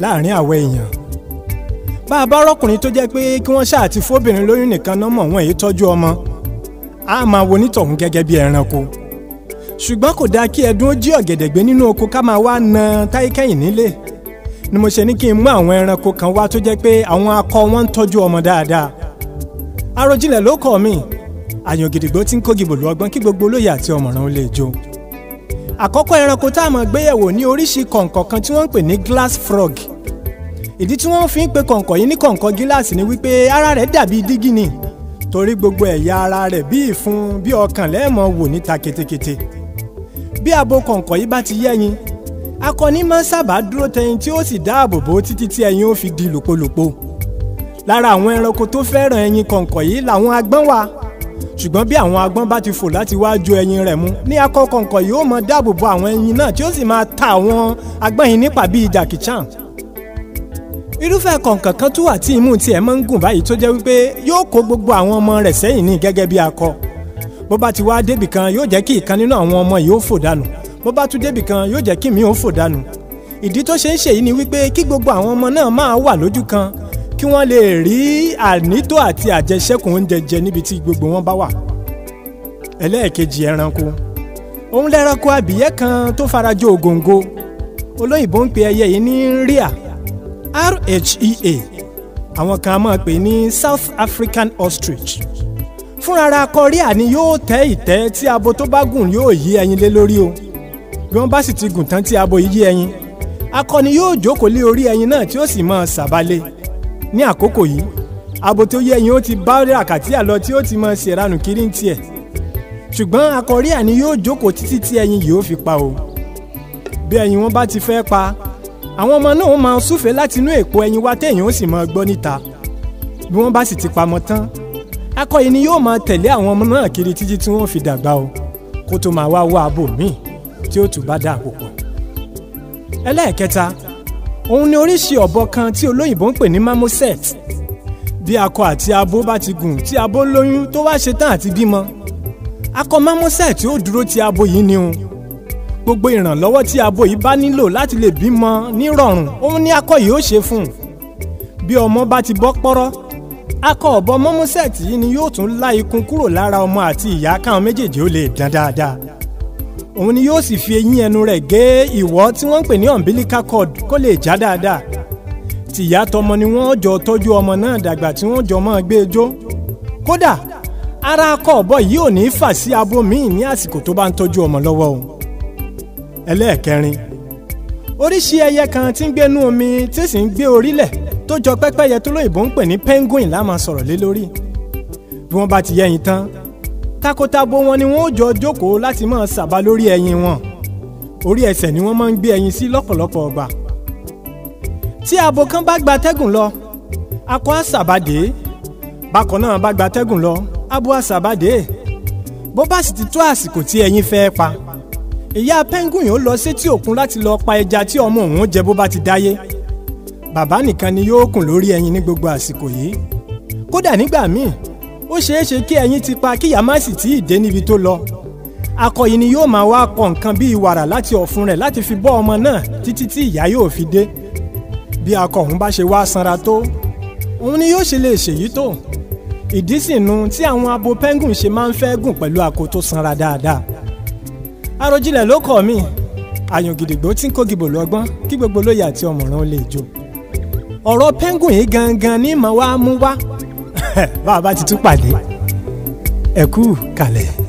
láàrin àwọn èèyàn bá a bá rọkùnrin tó jẹ́ pé kí wọ́n ṣáà ti fóbìnrin lóyún nìkan náà mọ̀ wọ́n èyí tọ́jú ọmọ a máa wo onítọ̀hún gẹ́gẹ́ bí ẹranko ṣùgbọ́n kò dáa kí ẹdun ó jí ọ̀gẹ̀dẹ̀ gbé nínú oko ká máa wá na táyíkẹ́yìn nílé ni mo ṣe ní kí n mú àwọn ẹranko kan wá tó jẹ́ pé àwọn akọ wọn ń tọ́jú ọmọ dáadáa Àròjinlẹ̀ ló kọ́ mi àyàn gidigbo ti ń kó gìbò lu ọgbọ́n kí gbogbo olóyè àti ọmọràn ó lè jó àkọ́kọ́ ẹranko tá a máa gbéyẹ̀wò ní oríṣi kọ̀ǹkọ̀ kan tí wọ́n ń pè ní glass frog ìdí tí wọ́n fi ń pe kọ̀ǹkọ̀ yìí ní kọ̀ǹkọ̀ gíláàsì ni wípé ara rẹ̀ dàbí dígí ni torí gbogbo ẹ̀yà ara rẹ̀ bí ìfun bí ọkàn lẹ́ẹ̀mọ wò níta ketekete bí abo kọ̀ǹkọ̀ yìí bá ti yẹ́yin akọni máa ń sábà dúró tẹyin tí ó sì dáàbò bò títí tí ẹyin ó fi di lòpolòpo lára àwọn ẹranko tó fẹ́ràn ẹyin kọ̀ǹkọ̀ yìí làwọn agbọ́n wà ṣùgbọ́n bí àwọn agbọ́n bá ti fò láti wá ju ẹyin rẹ̀ mu ní akọkọ̀ǹkọ̀ yìí ó mọ dáàbò bo àwọn ẹyin náà tí ó sì máa ta àwọn agbọ́n yìí nípa bíi Jackie Chan irúfẹ́ kọ̀ǹkàn kan tún wà tí imú tiẹ̀ máa ń gùn báyìí tó jẹ́ wípé yóò kó gbogbo àwọn ọmọ rẹ̀ sẹ́yìn ní gẹ́gẹ́ bí akọ bó bá ti wá débì kan yóò jẹ́ kí ìkan nínú àwọn ọmọ yìí ó fò dànù bó bá tún débì kan yóò jẹ́ kí mi ó fò dànù ìdí tó ṣe ń ṣèyí ni wípé kí gbogbo àwọn ọmọ náà máa wà lójú kan kí wọ́n lè rí ànító àti àjẹṣẹ́kù oúnjẹ jẹ níbi tí gbogbo wọn bá wà. ẹlẹ́ẹ̀kejì ẹranko òun lẹ́ranko abìyẹ́ kan tó farajọ ògòǹgò olóyìnbó ń pe ẹyẹ yìí ní ria r e àwọn kan máa pè ní South African ostrich fúnrara korea ria ni yóò tẹ́ ìtẹ́ tí abo tó bá gùn yóò yí ẹyin lé lórí o bí wọ́n bá sì ti gùn tán tí abo yí ẹyin akọ yóò jókòó lé orí ẹyin náà tí ó sì máa sàbálẹ̀ ní àkókò yìí abo tó yẹ yín ó ti bá ràkàtíà lọ tí ó ti mọ ṣèranù kiri ń tiẹ̀ ṣùgbọ́n akọrí àní yóò jókòó títí tí ẹyin yìí ó fi pa o bí ẹyin wọn bá ti fẹ́ pa àwọn ọmọ náà ó máa súfèé láti inú èpo ẹyin wá téèyàn ó sì máa gbọ́ níta bí wọ́n bá sì ti pamọ́ tán akọ yìí ni yóò máa tẹ̀lé àwọn ọmọ náà kiri títí tí wọ́n fi dàgbà o kó tó máa wá wá abo míì tí ó tún bá dá àpò pọ̀ ẹlẹ́ẹ̀kẹta òun ni oríṣi ọ̀bọ kan tí olóyìnbó ń pè ní marmoset bí akọ àti abo bá ti gùn tí abo ń lóyún tó wá ṣetán àti bímọ akọ marmoset ó dúró ti abo yìí ni o gbogbo ìrànlọ́wọ́ tí abo yìí bá nílò láti lè bímọ nírọ̀rùn òun ni akọ yìí ó ṣe fún un bí ọmọ bá ti bọ́ pọ́rọ́ akọ ọ̀bọ marmoset yìí ni yóò tún lá ikùn kúrò lára ọmọ àti ìyá káwọn méjèèjì ó lè dán dáadáa òun ni yóò sì fi eyín ẹnu rẹ̀ gé ìwọ́ tí wọ́n ń pè ní umbilical cord kó lè já dáadáa tìyá tọmọ ni wọ́n jọ tọ́jú ọmọ náà dàgbà tí wọ́n jọ máa gbé ejó kódà ara akọ ọ̀bọ yìí ò ní í fà sí abo míì ní àsìkò tó bá ń tọ́jú ọmọ lọ́wọ́ o ẹlẹ́ẹ̀kẹrin oríṣi ẹyẹ kan tí ń gbénú omi tí sì ń gbé orílẹ̀ tó jọ pẹ́pẹ́yẹ tó lóyìnbó ń pè ní penguin la máa sọ̀rọ̀ lé lórí bí wọ́n bá ti yẹyin tán takọtabo wọn ni wọn ó jọ jókòó láti máa sàbà lórí ẹyin wọn orí ẹsẹ̀ ni wọ́n máa ń gbé ẹyin sí lọ́pọ̀lọpọ̀ ọgbà tí abo kan bá gba tẹ́gùn lọ akọ àṣàbàdé bákan náà bá gba tẹ́gùn lọ abo àṣàbàdé bó bá sì ti tó àsìkò tí ẹyin fẹ́ pa ìyá penguin yóò lọ sétí òkun láti lọ pa ẹja tí ọmọ òun jẹ bó bá ti dáyé bàbá nìkan ni yóò kùn lórí ẹyin ní gbogbo àsìkò yìí kódà nígbà míì ó ṣeé ṣe kí ẹyin ti pa kíyà má sì tí ì dé níbi tó lọ akọ̀yìn ni yóò máa wá kọ nǹkan bíi wàrà láti ọ̀fun rẹ̀ láti fi bọ́ ọmọ náà títí tí ìyá yóò fi dé bí akọ̀hún bá ṣe wá sanra tó òun ni yóò ṣe lè ṣèyí tó ìdí sì nu tí àwọn abo penguin ṣe máa ń fẹ́ gùn pẹ̀lú ako sanra dáadáa Àròjinlẹ̀ ló kọ́ mi àyàn tí ń kó gìbò lọ́gbọ́n kí gbogbo lóye àti ọ̀mọ̀ràn ó lè jò ọ̀rọ̀ penguin yìí gangan ní màá wá mú wá bá a bá ti tún pàdé ẹ kú kalẹ̀.